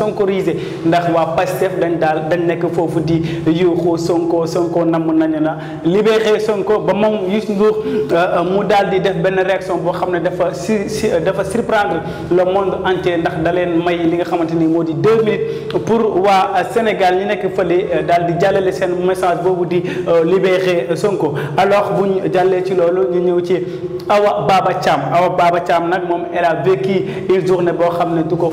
sonkorisé ndax wa Pastef dañ dañ di Sonko Sonko na Sonko ba euh, euh, mu réaction euh, surprendre le monde entier ndax dalen may li nga minutes pour Sénégal ñi nek di message di Sonko alors vous jallé ci Awa Baba Cham, Awa Baba Cham, mom, elle a vécu journée bo du ko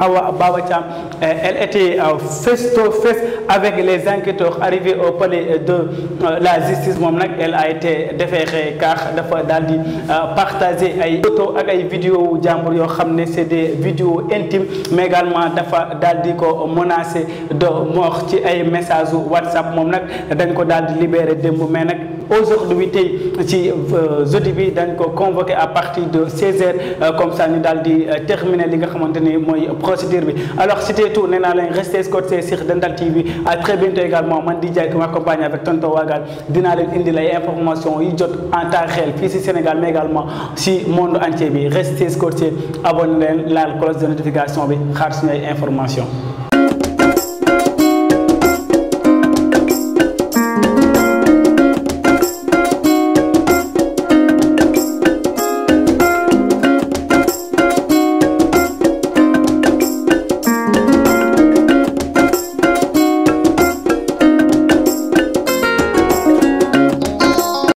Awa euh, elle était euh, face to face avec les enquêteurs arrivés au palais de euh, la justice elle a été déférée car dafa a partagé partager photos et ak des vidéos intimes mais également dafa a menacé de mort ci ay message WhatsApp moom a dañ ko libérer aujourd'hui si ci jeudi bi convoqué à partir de 16 h comme ça nous avons terminer li nga alors c'était tout nee restez scotchés sur Dental TV à très bientôt également man di qui m'accompagne avec Tonto Wagal Dina leen indi la information yi en temps réel ici Sénégal mais également si monde entier Restez restez abonnez-vous à la cloche de notification bi xaar information